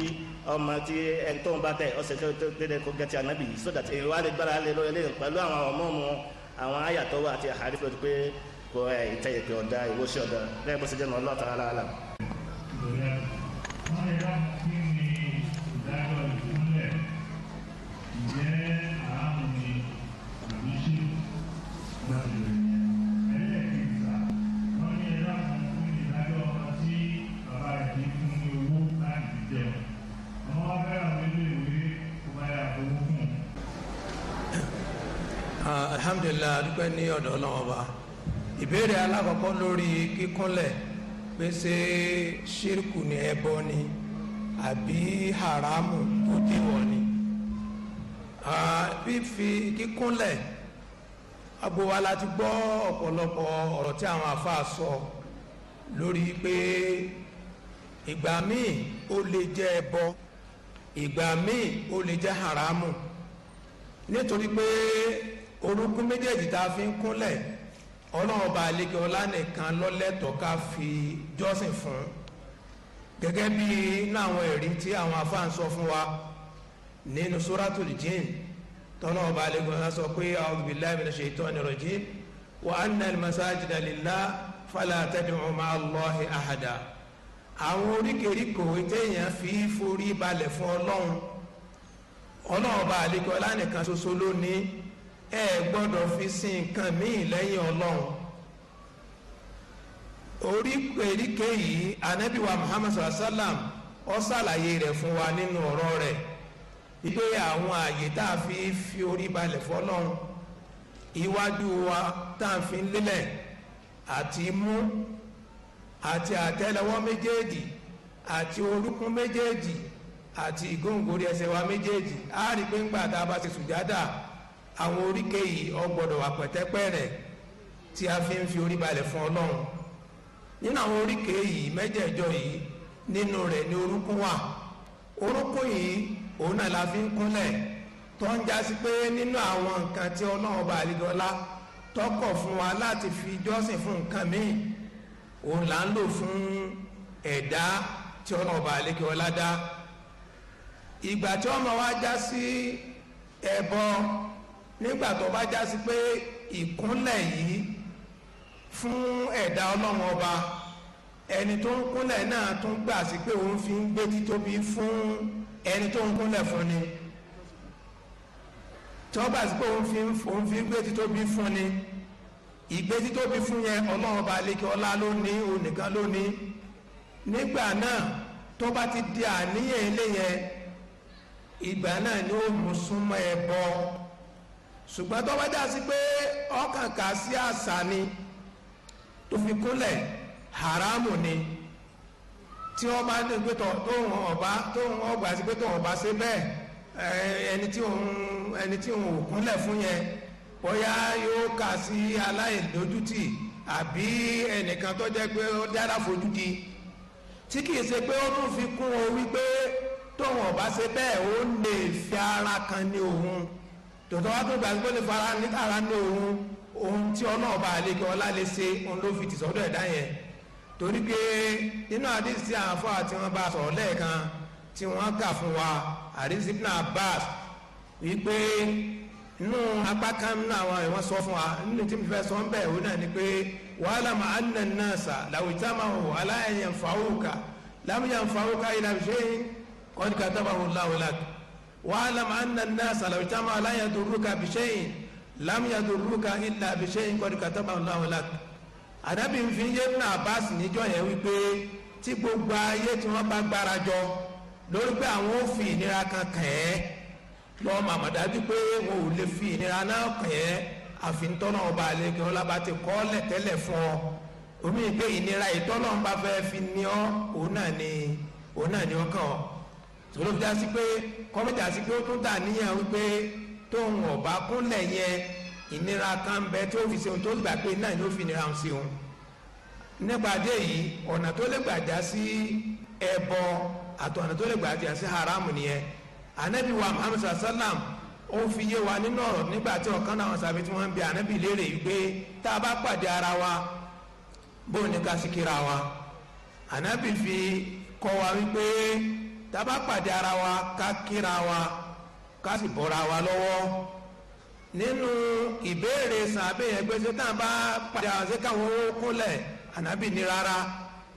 ọmọ tí ẹntọ bá tẹ ọsẹ tó tó dédé kó gẹtì anabi sódà tí ìwà lè gbára lè lóye lè pẹ̀lú àwọn ọmọ mu àwọn ayàtọ wa àti àhárí pé kò ẹ ìtẹyẹ pé ọdá ìwọsí bẹ́ẹ̀ bó ṣe jẹ nà ọlọtà aláàlá. ní ọ̀dọ̀ ọlọ́run ọba ìbéèrè alákọ̀ọ́kọ́ lórí kíkúnlẹ̀ pé ṣé ṣírkù ni ẹbọ ni àbí haramu tó déwọ̀ ni fífi kíkúnlẹ̀ abo wa láti gbọ́ ọ̀pọ̀lọpọ̀ ọ̀rọ̀ tí àwọn àfáà sọ lórí pé ìgbà míì ó lè jẹ́ ẹbọ ìgbà míì ó lè jẹ́ haramu nítorí pé. orúnkún méjèèjì tá a fi ń kúnlẹ̀ ọlọ́run ọba ọlá nìkan fi jọ́sìn fún gẹ́gẹ́ bí inú àwọn ẹ̀rí tí àwọn afáà ń sọ fún wa nínú ọba àlejò ọlá sọ pé a'udhu billahi minash wa annal masajida lillah fala tad'u ma'a ahada àwọn oríkèéríkò fi forí balẹ̀ fún ọlọ́run ọlọ́run ọba ọlá nìkan ṣoṣo ẹ gbọ́dọ̀ fi sin nǹkan míì lẹ́yìn ọlọ́run orí eríkè yìí anabiwa muhammad sallallahu alayhi wa sallam ó ṣàlàyé rẹ̀ fún wa nínú ọ̀rọ̀ rẹ̀ ìdè àwọn àyè tá a fi fi orí balẹ̀ fọ́lọ́run iwájú wa tá a fi lélẹ̀ àti mú àti àtẹ́lẹwọ́ méjèèjì àti orúkún méjèèjì àti ìgóǹgórí ẹsẹ̀ wa méjèèjì á rí i pé ńgbà tá a bá ti sùjádà. àwọn oríkè yìí ọ gbọdọ wà tí a fi ń fi orí fún Ọlọ́run nínú àwọn oríkè yìí mẹ́jẹ̀ẹ̀jọ yìí nínú rẹ̀ ni orúnkún wà yìí òun náà la fi ń kúnlẹ̀ tó ń jásí pé nínú àwọn nǹkan tí bá àlejòlá fún wa láti fi fún nǹkan míì òun là ń lò nígbà tó bá já sí pé ìkúnlẹ̀ yìí fún ẹ̀dá ọlọ́run ọba ẹni tó ń kúnlẹ̀ náà tún gbà sí pé òun fi ń gbé títóbi fún ẹni tó ń kúnlẹ̀ fún ni tó bá sí pé òun fi òun fi ń gbé títóbi fún ni ìgbé títóbi fún yẹn ọlọ́run ọba lékè ọlá ló onìkan ló nígbà náà tó bá ti di àníyàn ilé yẹn ìgbà náà ni ó mú súnmọ́ ẹ bọ́ ọ ṣùgbọ́n tó bá já sí pé ọkàn kà sí àṣà ni tó fi kúnlẹ̀ haramu ni tí wọ́n bá ní pé tóun ọba tóun ọgbà sí pé tóun ọba ṣe bẹ́ẹ̀ ẹni tí òun ẹni tí òun ò kúnlẹ̀ fún yẹn bóyá yóò kà sí aláìlójútì àbí ẹnìkan tó jẹ́ pé ó dára fojú di tí kìí ṣe pé ó tún fi kún o wípé tóun ọba ṣe bẹ́ẹ̀ ó lè fi ara kan ní òun tòótọ́ wá tó gbàgbé le fara níkàrà ní òun ohun tí ọ náà bá lè kí ọlá lè ṣe òun ló fi tìsọ́dọ̀ ẹ̀dá yẹn torí pé nínú àdìsí àfọ́ àti wọn bá sọ̀rọ̀ lẹ́ẹ̀kan tí wọ́n kà fún wa àdìsí ibn wípé nínú apá kan nínú àwọn ìwọ́n sọ fún wa nínú tí mo fẹ́ sọ ń bẹ̀ òun náà ni pé wàhálà mà ánà náà sà làwùjá máa wò aláyẹ̀yẹ̀ fàwọ́kà láwùjá fàwọ́kà ìlànà ṣẹ́yìn kọ́ni kàtàbà wò láwùlá kù واعلم أن الناس لو اجتمعوا لا يضروك بشيء لم يضروك إلا بشيء قد كتبه الله لك ànábì ń fi yé ibùnà abbas níjọ́ yẹn ti gbogbo ayé tí wọn bá gbára jọ lórí pé àwọn ò fi kan kàn ẹ́ lọ màmá dájú pé wọn ò lè fi ìnira náà kàn àfintọ́nà ọba àlekè ti kọ́ fún ọ omi ìgbé ìnira ìtọ́nà ọba fi ní ọ òun náà ni òun náà sọlọ́ fi dásí pé kọ́mẹ́tà sí pé ó tún dà níyàn wípé tóun ọ̀bá kúnlẹ̀ yẹn ìnira kan bẹ tó fi ṣeun tó gbà pé náà ló fi nira ń ṣeun nípa dé yìí ọ̀nà tó lè gbàjá sí ẹbọ àtọ̀nà tó lè gbàjá sí haramu nìyẹn anabi wa muhammad sallam ó fi yé wa nínú ọ̀rọ̀ nígbà tí ọ̀kan náà sàbí tí wọ́n ń bi anabi léèrè yìí pé tá a bá pàdé ara wa bóun ni ká sì kíra wa anabi fi kọ́ wa wípé tá bá pàdé ara wa ká kíra wa ká sì bọ́ra wa lọ́wọ́ nínú ìbéèrè sàbẹ̀ yẹn pé ṣé táwọn bá pàdé àwọn ṣé káwọn ó kúnlẹ̀ ànábì ní rárá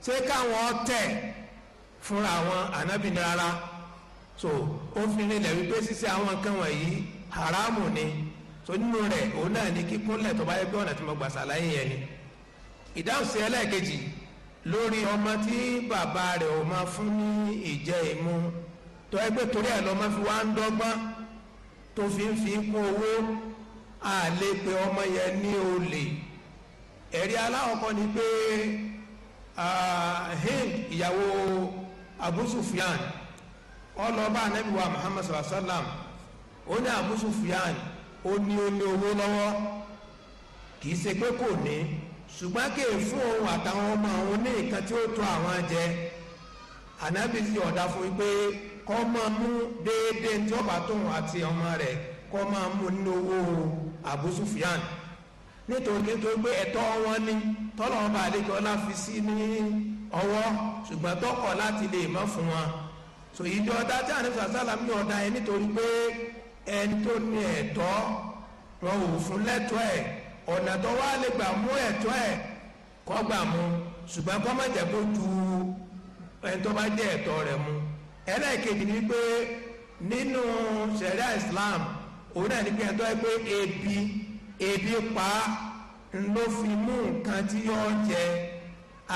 ṣé káwọn tẹ̀ fúnra àwọn ànábì ní rárá so ó fi rinlẹ̀ wípé ṣíṣe àwọn nǹkan wọ̀nyí haramu ni so nínú rẹ̀ òun náà ní kíkúnlẹ̀ tó bá yẹ pé ọ̀nà tí mo gbà sàlàyé yẹn ni ìdáhùn sí ẹlẹ́ẹ̀kejì lórí ọmọ tí bàbá rẹ̀ ò máa fún ní ìjẹ ìmu tó ẹgbẹ́ torí ẹ̀ lọ́mọ fi wá ń dọ́gbọ́n tó fi ń fi kún owó àlè pé ọmọ yẹn ní olè ẹ̀rí aláwọ̀ ni pé Hind ìyàwó Abu ọlọ́ba anabiwa Muhammad sallallahu alaihi wa sallam ó ní Abu ó ní ó owó lọ́wọ́ kì í ṣe pé kò ní ṣùgbọ́n kì í fún òun àtàwọn ọmọ òun ní nǹkan tí ó tó àwọn jẹ ànábì fi ọ̀dà fún pé kọ́ máa mú déédéé tí ọba tóun àti ọmọ rẹ̀ kọ́ máa mú nínú owó Abu nítorí nítorí pé ẹ̀tọ́ wọn ni tọ́lọ̀ ọba àdékọ́lá fi sí ní ọwọ́ ṣùgbọ́n tọkọ̀ láti lè mọ́ fún wọn so ìdí ọ̀dà tí ànífẹ́ sàṣàlám ní ọ̀dà yẹn nítorí pé ẹni tó ní ẹ̀tọ́ rọrùn fún lẹ́tọ́ ẹ̀ ọ̀nà tó wá lè gbà mú ẹ̀tọ́ ẹ̀ kọ́ gbà mú ṣùgbọ́n kọ́ má jẹ́ kó ju ẹni tó bá jẹ́ ẹ̀tọ́ rẹ̀ mu ẹlẹ́ẹ̀kejì ni pé nínú sẹ̀ríà Islam òun náà ní pé ẹ̀tọ́ ẹ pé ebi ebi pa ló fi mú nǹkan tí yóò jẹ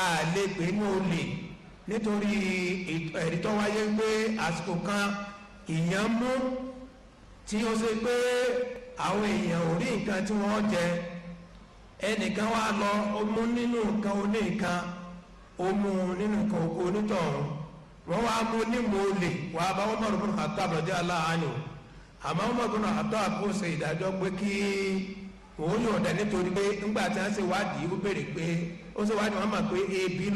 àlepè ní olè nítorí ẹ̀rí tó wáyé pé àsìkò kan ìyàn mú tí ó ṣe pé àwọn èèyàn ò rí nǹkan tí wọ́n jẹ ẹnìkan wá lọ ó mú nínú nǹkan oníkan ó mú nínú nǹkan onítọ̀hún wọ́n wá mú nímú olè wá bá Umar ibn Khattab radiyallahu anhu àmọ́ Umar ibn ìdájọ́ pé kí òun yóò dẹ̀ nítorí pé ńgbà tí wọ́n ṣe wádìí ebi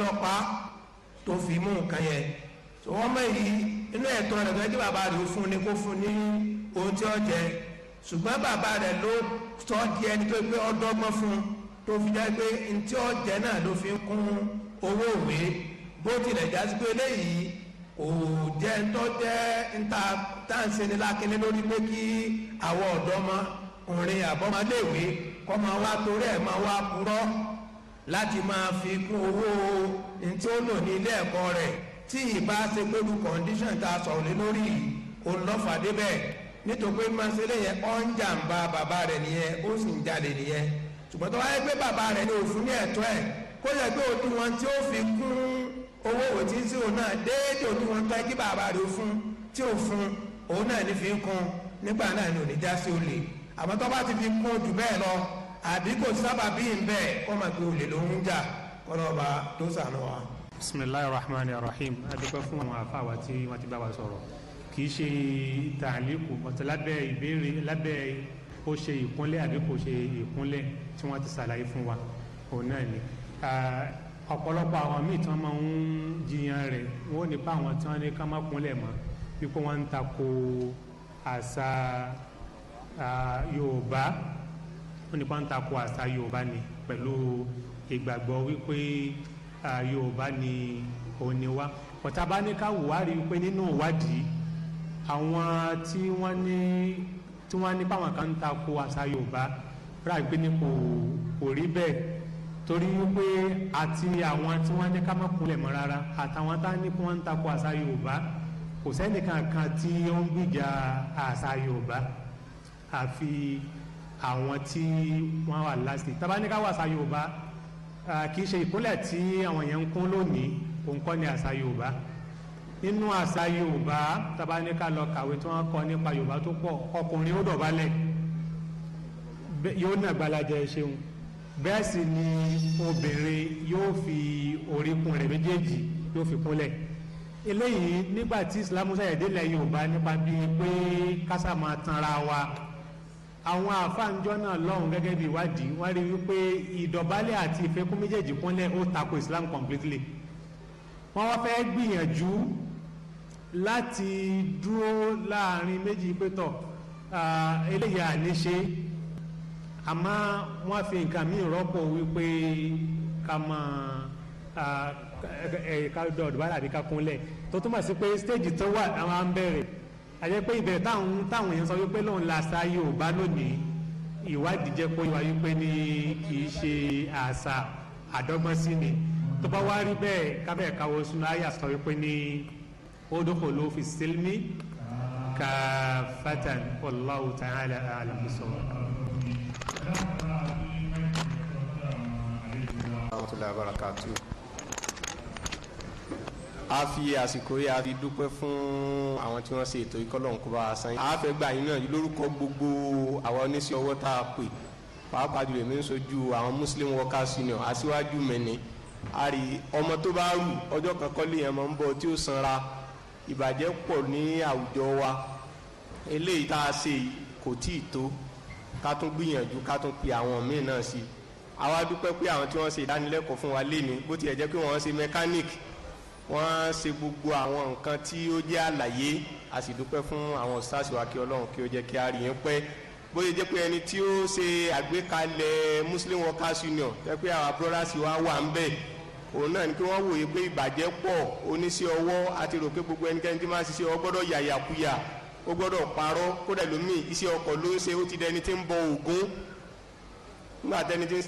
tó fi mú nǹkan yẹn tó wọ́n mọ̀ yìí inú ẹ̀tọ́ rẹ̀ tó ṣùgbọ́n bàbá rẹ̀ ló sọ di ẹni tó gbé ọdọ́gbọ́n fún tó fi jẹ́ pé ntí ọ̀jẹ̀ náà ló fi ń kún owó ìwé bó tilẹ̀ já sí pé eléyìí kò jẹ́ ntọ́ jẹ́ nta táǹsẹ̀ni lákínní lórí pé kí àwọn ọ̀dọ́mọkùnrin àbọ́mọdéwé kọ́ máa wá torí ẹ̀ máa wá purọ́ láti máa fi kún owó ntí ó lò ní ilé ẹ̀kọ́ rẹ̀ tí ìbá ṣe pẹ̀lú kọ̀ǹdíṣàn tá a sọ̀rọ̀ lé lórí òun lọ́fà débẹ̀ nítorí pé masele yẹn ọ̀ bàbá rẹ̀ nìyẹn ó sì ń jalè nìyẹn ṣùgbọ́n tó wáyé pé bàbá rẹ̀ ní òfin ní ẹ̀tọ́ ẹ̀ kó yẹ òdiwọ̀n tí fi kún owó òtí sí òun náà déédéé òdiwọ̀n tó yẹ bàbá rẹ̀ fún tí ò òun náà ní fi ń kún nígbà náà ni òní já olè àmọ́ tó ti fi kún jù bẹ́ẹ̀ lọ àbí kò sábà bí ń bẹ́ẹ̀ gbé olè jà rahman rahim fún àwọn wa ti kì í ṣe tàlíkù ọ̀tọ̀ lábẹ́ ìbéèrè lábẹ́ ó ṣe ìkúnlẹ̀ àbí kò ṣe ìkúnlẹ̀ tí wọ́n ti ṣàlàyé fún wa òun náà ni ọ̀pọ̀lọpọ̀ àwọn míì tí wọ́n máa ń jiyàn rẹ̀ wọ́n ní bá àwọn tí wọ́n ní ká má kúnlẹ̀ mọ́ wípé wọ́n ń tako àṣà Yorùbá wọ́n ní wọ́n ń tako àṣà Yorùbá ni pẹ̀lú ìgbàgbọ́ wípé Yorùbá ni òun ni wá ọ̀tá bá ní ká wùwárí wípé nínú ìwádìí àwọn tí wọ́n ní tí wọ́n ní báwọn kan ń tako àṣà Yorùbá rà gbé ní kò kò rí bẹ́ẹ̀ torí wípé àti àwọn tí wọ́n ní ká má kulẹ̀ mọ́ rárá àtàwọn tá ní kí wọ́n ń tako àṣà Yorùbá kò sẹ́nìkan kan tí ó ń gbìjà àṣà Yorùbá àfi àwọn tí wọ́n wà lásìkò tabaníkà wà àṣà Yorùbá kì í ṣe ìkúnlẹ̀ tí àwọn yẹn ń kún lónìí òun kọ́ ni àṣà Yorùbá nínú àṣà yorùbá tàbá ní ká lọ kàwé tí wọ́n kọ nípa yorùbá tó pọ̀ ọkùnrin ó dọ̀bálẹ̀ yóò nàgbàlájà ẹ ṣeun bẹ́ẹ̀ sì ni obìnrin yóò fi oríkùn rẹ̀ méjèèjì yóò fi kúnlẹ̀ eléyìí nígbà tí islamu ṣàyẹ̀dẹ́ ilẹ̀ yorùbá nípa bíi pé kásá máa tanra wa àwọn àfáànjọ́ náà lọ́hùn gẹ́gẹ́ bí ìwádìí wọ́n rí wípé ìdọ̀bálẹ̀ àti ìfẹ́kún méjèèjì kúnlẹ̀ ó tako islam completely wọ́n wá fẹ́ gbìyànjú láti dúró láàrin méjì pé tọ̀ eléyìí àníṣe àmọ́ wọ́n fi nǹkan míì rọ́pò wípé ká mọ ká dọ̀dọ̀ bá dàbí ká kúnlẹ̀ tó túmọ̀ sí pé stéèjì tó wà àwọn à ń pé ìbẹ̀rẹ̀ táwọn táwọn èèyàn sọ wípé lóun la àṣà Yorùbá lónìí ìwádìí jẹ́ pé ìwà wípé ní kì í ṣe àṣà àdọ́gbọ́n sí ni tó bá wá rí bẹ́ẹ̀ kábẹ́ẹ̀ káwọ́ sunu ayé àṣà wípé ní udkhulu في السلم kàfàtàn wallahu تعالى أعلم bissawab. a fi àsìkò yìí a fi dúpẹ́ fún àwọn tí wọ́n ṣe ètò ìkọlọ́nkọ́ bá a san. a fẹ́ gbà yín náà lórúkọ gbogbo àwọn oníṣẹ́ ọwọ́ tá a pè pàápàá jùlọ èmi ń sojú àwọn muslim workers union aṣíwájú mẹ́ni a rí ọmọ tó bá rù ọjọ́ kan kọ́lé yẹn máa ń bọ̀ tí ó sanra ìbàjẹ́ pọ̀ ní àwùjọ wa eléyìí tá a ṣe kò tí ì tó ká tún gbìyànjú ká tún pe àwọn míì náà sí i àwa dúpẹ́ pé àwọn tí wọ́n ṣe ìdánilẹ́kọ̀ọ́ fún wa léni bó tilẹ̀ jẹ́ pé wọ́n ṣe mẹkáníìkì wọ́n ṣe gbogbo àwọn nǹkan tí ó jẹ́ àlàyé a sì dúpẹ́ fún àwọn sars wa kí ọlọ́run kí ó jẹ́ kí a rí yẹn pẹ́ bó ṣe jẹ́ pé ẹni tí ó ṣe àgbékalẹ̀ Muslim Workers Union jẹ́ pé àwa brothers wa wà ń bẹ́ẹ̀ òun náà ni kí wọ́n wòye pé ìbàjẹ́ pọ̀ oníṣẹ́ ọwọ́ àti rò pé gbogbo ẹnikẹ́ni tí máa ṣiṣẹ́ gbọ́dọ̀ yàyàkuyà ó gbọ́dọ̀ parọ́ lómi iṣẹ́ ọkọ̀ ló ń ṣe ó ti dẹni tí ń bọ ògún nígbà tẹni tí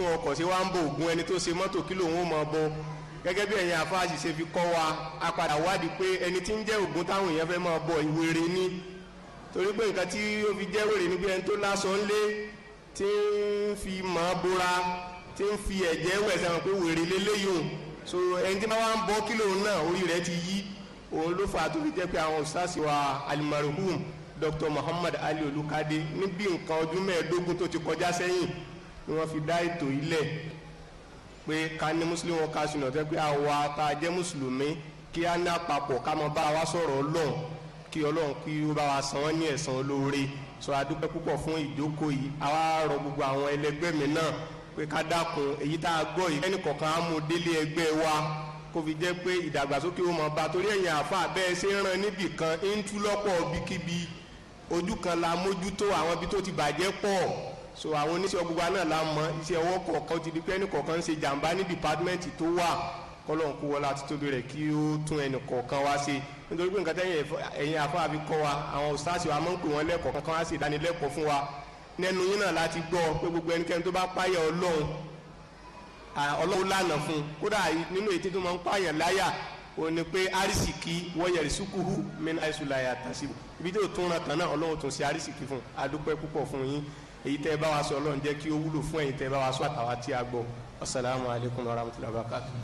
ń ọkọ̀ ṣe wá ń bọ ògún ẹni tó ṣe mọ́tò kí lòun ó máa bọ gẹ́gẹ́ bí ẹ̀yin àfáàṣì fi kọ́ wa apàdà wádìí pé ẹni tí ń jẹ́ ògún táwọn èèyàn fẹ́ máa bọ ìwéré ni torí pé nǹkan tí fi jẹ́ wèrè bí ẹni tó lásán lé tí ń fi tí ń fi ẹ̀jẹ̀ wẹ̀ sẹ́wọ̀n pé wèrè lélẹ́yìí o so ẹni tí máa ń bọ́ kílò náà orí rẹ̀ ti yí òun ló fà á tó fi jẹ́ pé àwọn ustaasi wa alimaruhum Dr. Muhammad Ali Olukade níbi nǹkan ọdún mẹ́ẹ̀ẹ́dógún tó ti kọjá sẹ́yìn ni wọ́n fi dá ètò yìí lẹ̀ pé ká ní mùsùlùmí wọn ká sunà tẹ́ pé àwa tá a jẹ́ mùsùlùmí kí á ní àpapọ̀ ká máa bá wa sọ̀rọ̀ ọlọ́run kí ọlọ́run kí ó bá wa san wọ́n ní ẹ̀san olóore sọ adúpẹ́ púpọ̀ fún ìjókòó yìí àwa rọ gbogbo àwọn ẹlẹgbẹ́ mi náà pé ká dákun èyí tá a gbọ́ yìí ẹnì kọ̀ọ̀kan á mú délé ẹgbẹ́ wa kó fi jẹ́ pé ìdàgbàsókè ó mọ̀ bá torí ẹ̀yìn àfa bẹ́ẹ̀ ṣe ń ran níbì kan ń tú lọ́pọ̀ bíkíbi ojú kan la mójútó àwọn ibi tó ti bàjẹ́ pọ̀ so àwọn oníṣẹ́ ọgbogbo náà la mọ iṣẹ́ ọwọ́ kọ̀ọ̀kan ti di pé ẹnì kọ̀ọ̀kan ń ṣe jàǹbá ní dìpátímẹ́ǹtì tó wà kọ́lọ́n kó wọlé àti tóbi rẹ̀ kí ó tún ẹnì kọ̀ọ̀kan wá sí nítorí pé nǹkan tẹ́yìn ẹ̀yìn àfa àfi wa àwọn òṣìṣẹ́ àti wa máa ń lẹ́kọ̀ọ́ kankan wá sí ìdánilẹ́kọ̀ọ́ fún wa nẹnu yín náà láti gbọ́ pé gbogbo ẹnikẹ́ni tó bá páyà ọlọ́run ọlọ́run lànà fún un kódà nínú ètí tó máa ń pààyàn láyà ó ní pé arísìkí wọ́yẹ̀rì sukuhu mẹ́ni àìsùn láyà tàṣíbù ibi tí ó tún ràn tán náà ọlọ́run tún ṣe arísìkí fún un adúpẹ́ púpọ̀ fún yín èyí tẹ́ ẹ bá wa sọ ọlọ́run jẹ́ kí ó wúlò fún ẹ̀yin tẹ́ ẹ bá wa sọ àtàwà tí a gbọ́ alaikum